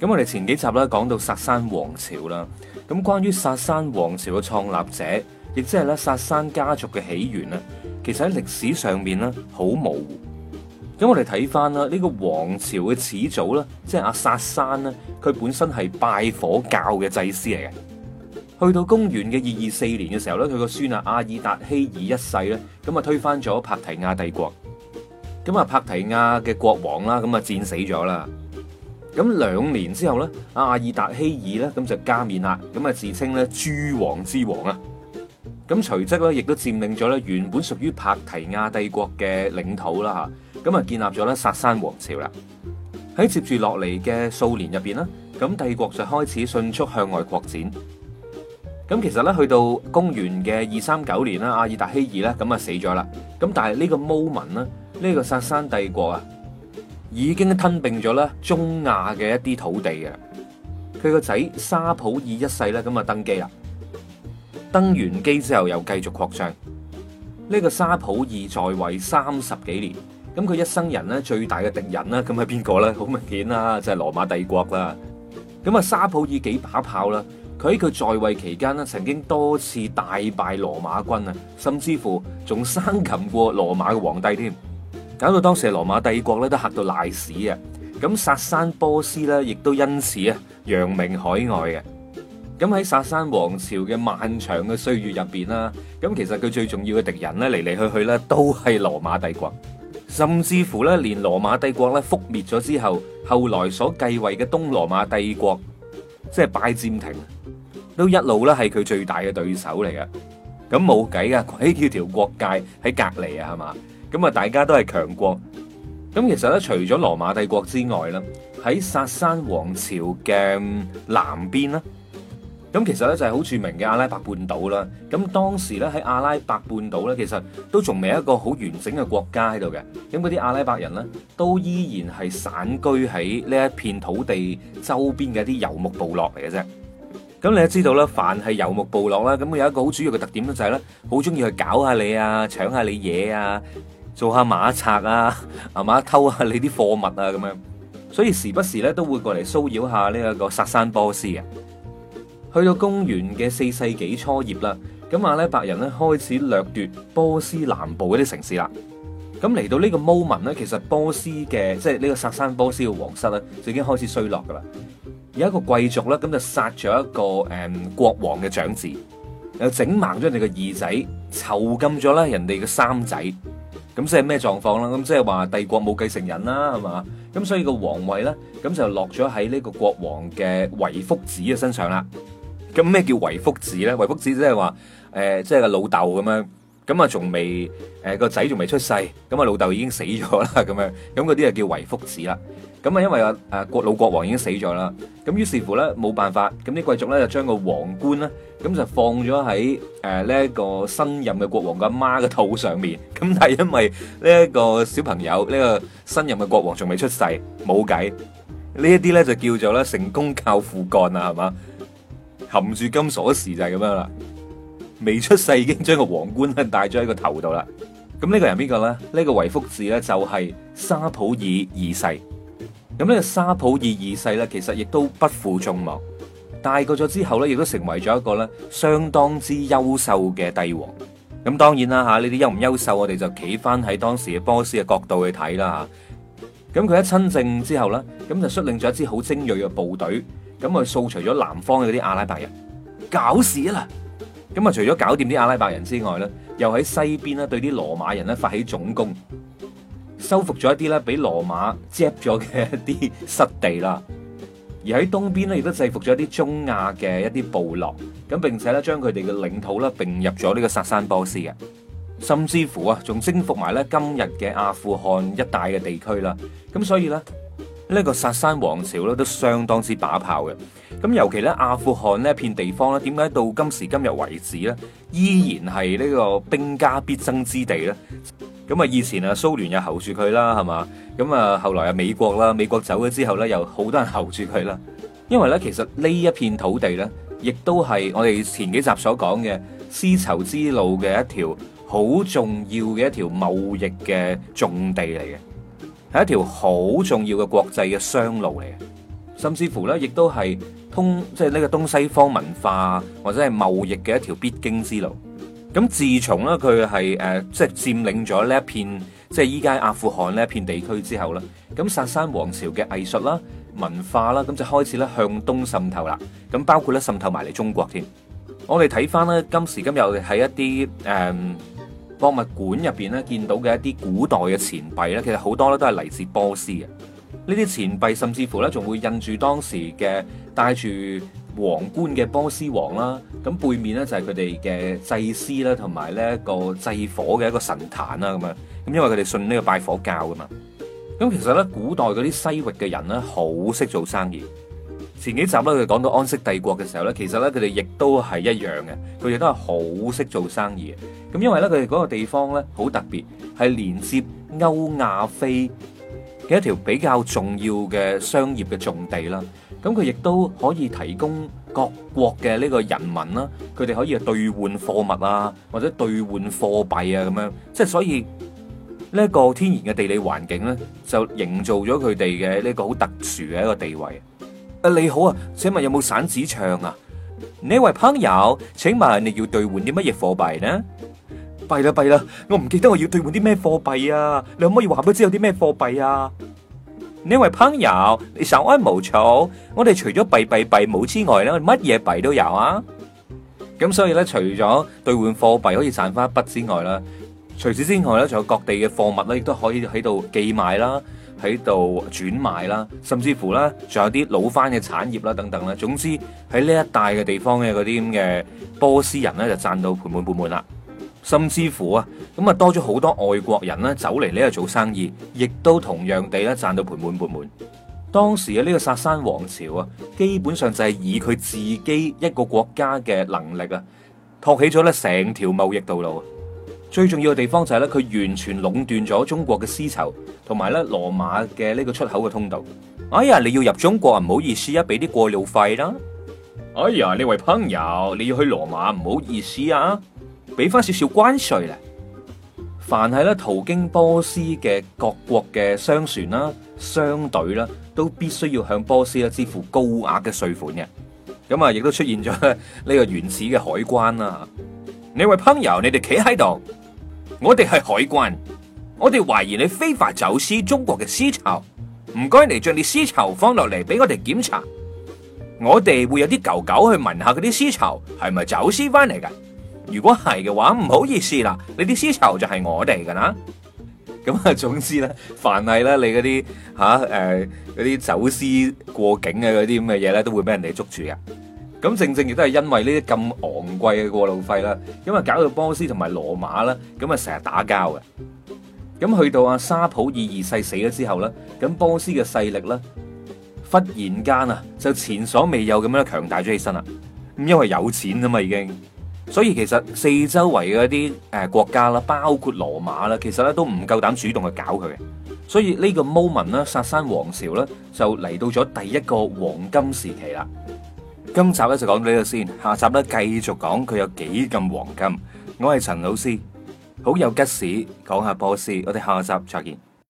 咁我哋前幾集啦，講到薩珊王朝啦，咁關於薩珊王朝嘅創立者，亦即係咧薩珊家族嘅起源咧，其實喺歷史上面咧好模糊。咁我哋睇翻啦，呢個王朝嘅始祖咧，即係阿薩珊咧，佢本身係拜火教嘅祭司嚟嘅。去到公元嘅二二四年嘅時候咧，佢個孫啊阿爾達希爾一世咧，咁啊推翻咗帕提亞帝國。咁啊帕提亞嘅國王啦，咁啊戰死咗啦。咁兩年之後咧，阿爾達希爾咧咁就加冕啦，咁啊自稱咧諸王之王啊，咁隨即咧亦都佔領咗咧原本屬於帕提亞帝國嘅領土啦吓，咁啊建立咗咧薩山王朝啦。喺接住落嚟嘅數年入邊啦，咁帝國就開始迅速向外擴展。咁其實咧去到公元嘅二三九年啦，阿爾達希爾咧咁啊死咗啦，咁但係呢個 moment 啦，呢、呢個薩山帝國啊。已經吞併咗咧中亞嘅一啲土地嘅。佢個仔沙普爾一世咧咁啊登基啦，登完基之後又繼續擴張。呢、這個沙普爾在位三十幾年，咁佢一生人咧最大嘅敵人咧咁係邊個咧？好明見顯啦，即係羅馬帝國啦。咁啊沙普爾幾把炮啦，佢喺佢在位期間咧曾經多次大敗羅馬軍啊，甚至乎仲生擒過羅馬嘅皇帝添。搞到當時嘅羅馬帝國咧都嚇到賴屎啊！咁薩珊波斯咧，亦都因此啊揚名海外嘅。咁喺薩珊王朝嘅漫長嘅歲月入邊啦，咁其實佢最重要嘅敵人咧嚟嚟去去咧都係羅馬帝國，甚至乎咧連羅馬帝國咧覆滅咗之後，後來所繼位嘅東羅馬帝國，即係拜占庭，都一路咧係佢最大嘅對手嚟嘅。咁冇計啊，鬼叫條國界喺隔籬啊，係嘛？咁啊，大家都係強國。咁其實咧，除咗羅馬帝國之外啦，喺薩珊王朝嘅南邊啦，咁其實咧就係好著名嘅阿拉伯半島啦。咁當時咧喺阿拉伯半島咧，其實都仲未一個好完整嘅國家喺度嘅。咁嗰啲阿拉伯人咧，都依然係散居喺呢一片土地周邊嘅一啲遊牧部落嚟嘅啫。咁你都知道咧，凡係遊牧部落啦，咁有一個好主要嘅特點咧就係咧，好中意去搞下你啊，搶下你嘢啊。做下馬賊啊，係、啊、嘛偷下你啲貨物啊，咁樣，所以時不時咧都會過嚟騷擾下呢一個薩珊波斯。去到公元嘅四世紀初葉啦，咁話咧，白人咧開始掠奪波斯南部嗰啲城市啦。咁嚟到呢個 moment 咧，其實波斯嘅即係呢個薩珊波斯嘅皇室咧，就已經開始衰落噶啦。有一個貴族咧，咁就殺咗一個、嗯、國王嘅長子，又整盲咗你個二仔，囚禁咗咧人哋嘅三仔。咁即係咩狀況啦？咁即係話帝國冇繼承人啦，係嘛？咁所以個皇位咧，咁就落咗喺呢個國王嘅遺腹子嘅身上啦。咁咩叫遺腹子咧？遺腹子即係話，誒、呃，即係個老豆咁樣，咁啊仲未，誒個仔仲未出世，咁啊老豆已經死咗啦，咁樣，咁嗰啲啊叫遺腹子啦。咁啊因為啊，誒、啊、個老國王已經死咗啦。咁於是乎咧，冇辦法，咁啲貴族咧就將個皇冠咧，咁就放咗喺誒呢一個新任嘅國王嘅媽嘅肚上面。咁但係因為呢一個小朋友呢個新任嘅國王仲未出世，冇計。呢一啲咧就叫做咧成功靠父幹啊，係嘛？含住金鎖匙就係咁樣啦。未出世已經將個皇冠咧戴咗喺個頭度啦。咁呢個人邊個咧？呢個維福字咧就係沙普爾二世。咁呢個，沙普爾二世咧，其實亦都不負眾望。大個咗之後咧，亦都成為咗一個咧相當之優秀嘅帝王。咁當然啦，吓呢啲優唔優秀，我哋就企翻喺當時嘅波斯嘅角度去睇啦，吓。咁佢喺親政之後咧，咁就率領咗一支好精銳嘅部隊，咁啊掃除咗南方嘅啲阿拉伯人，搞事啦！咁啊，除咗搞掂啲阿拉伯人之外咧，又喺西邊咧對啲羅馬人咧發起總攻。收復咗一啲咧，俾羅馬佔咗嘅一啲失地啦，而喺東邊咧，亦都制服咗一啲中亞嘅一啲部落，咁並且咧將佢哋嘅領土咧並入咗呢個薩珊波斯嘅，甚至乎啊，仲征服埋咧今日嘅阿富汗一帶嘅地區啦，咁所以咧呢個薩珊王朝咧都相當之把炮嘅，咁尤其咧阿富汗呢一片地方咧，點解到今時今日為止咧，依然係呢個兵家必爭之地咧？咁啊，以前啊，蘇聯又睺住佢啦，係嘛？咁啊，後來啊，美國啦，美國走咗之後咧，又好多人睺住佢啦。因為咧，其實呢一片土地咧，亦都係我哋前幾集所講嘅絲綢之路嘅一條好重要嘅一條貿易嘅重地嚟嘅，係一條好重要嘅國際嘅商路嚟嘅，甚至乎咧，亦都係通，即係呢個東西方文化或者係貿易嘅一條必經之路。咁自從咧，佢係誒，即係佔領咗呢一片，即係依家阿富汗呢一片地區之後咧，咁薩珊王朝嘅藝術啦、文化啦，咁就開始咧向東滲透啦。咁包括咧滲透埋嚟中國添。我哋睇翻咧今時今日喺一啲、誒、博物館入邊咧見到嘅一啲古代嘅錢幣咧，其實好多咧都係嚟自波斯嘅。呢啲錢幣甚至乎咧仲會印住當時嘅帶住皇冠嘅波斯王啦，咁背面咧就係佢哋嘅祭司啦，同埋呢一個祭火嘅一個神壇啦，咁樣，咁因為佢哋信呢個拜火教噶嘛，咁其實咧古代嗰啲西域嘅人咧好識做生意，前幾集咧佢哋講到安息帝國嘅時候咧，其實咧佢哋亦都係一樣嘅，佢哋都係好識做生意嘅，咁因為咧佢哋嗰個地方咧好特別，係連接歐亞非。一條比較重要嘅商業嘅重地啦，咁佢亦都可以提供各國嘅呢個人民啦，佢哋可以去兌換貨物啊，或者兌換貨幣啊，咁樣，即係所以呢一個天然嘅地理環境咧，就營造咗佢哋嘅呢個好特殊嘅一個地位。誒，你好啊，請問有冇散紙唱啊？呢位朋友，請問你要兌換啲乜嘢貨幣咧？弊啦，弊啦！我唔記得我要兌換啲咩貨幣啊。你可唔可以話俾我知有啲咩貨幣啊？呢位朋友，你稍安勿躁。我哋除咗幣幣幣冇之外咧，乜嘢幣都有啊。咁所以咧，除咗兌換貨幣可以賺翻一筆之外啦，除此之，之外咧，仲有各地嘅貨物咧，亦都可以喺度寄賣啦，喺度轉賣啦，甚至乎咧，仲有啲老翻嘅產業啦，等等咧。總之喺呢一帶嘅地方嘅嗰啲咁嘅波斯人咧，就賺到盆滿缽滿啦。甚至乎啊，咁啊多咗好多外國人咧，走嚟呢度做生意，亦都同樣地咧，賺到盆滿缽滿。當時嘅呢個薩珊王朝啊，基本上就係以佢自己一個國家嘅能力啊，托起咗咧，成條貿易道路。最重要嘅地方就係咧，佢完全壟斷咗中國嘅絲綢同埋咧，羅馬嘅呢個出口嘅通道。哎呀，你要入中國啊？唔好意思啊，俾啲過路費啦。哎呀，你位朋友你要去羅馬？唔好意思啊。俾翻少少關稅咧，凡係咧途經波斯嘅各國嘅商船啦、商隊啦，都必須要向波斯咧支付高額嘅稅款嘅。咁啊，亦都出現咗呢個原始嘅海關啦。你位朋友，你哋企喺度，我哋係海關，我哋懷疑你非法走私中國嘅絲綢，唔該，嚟將啲絲綢放落嚟俾我哋檢查。我哋會有啲狗狗去聞下嗰啲絲綢係咪走私翻嚟㗎。如果係嘅話，唔好意思啦，你啲絲綢就係我哋噶啦。咁啊，總之咧，凡係咧你嗰啲吓誒，嗰啲走私過境嘅嗰啲咁嘅嘢咧，都會俾人哋捉住嘅。咁正正亦都係因為呢啲咁昂貴嘅過路費啦，因為搞到波斯同埋羅馬啦，咁啊成日打交嘅。咁去到啊，沙普爾二世死咗之後咧，咁波斯嘅勢力咧忽然間啊就前所未有咁樣強大咗起身啦。咁因為有錢啊嘛，已經。所以其實四周圍嘅一啲誒國家啦，包括羅馬啦，其實咧都唔夠膽主動去搞佢嘅。所以呢個 moment 啦，薩珊王朝啦，就嚟到咗第一個黃金時期啦。今集咧就講到呢度先，下集咧繼續講佢有幾咁黃金。我係陳老師，好有吉史講下波斯，我哋下集再見。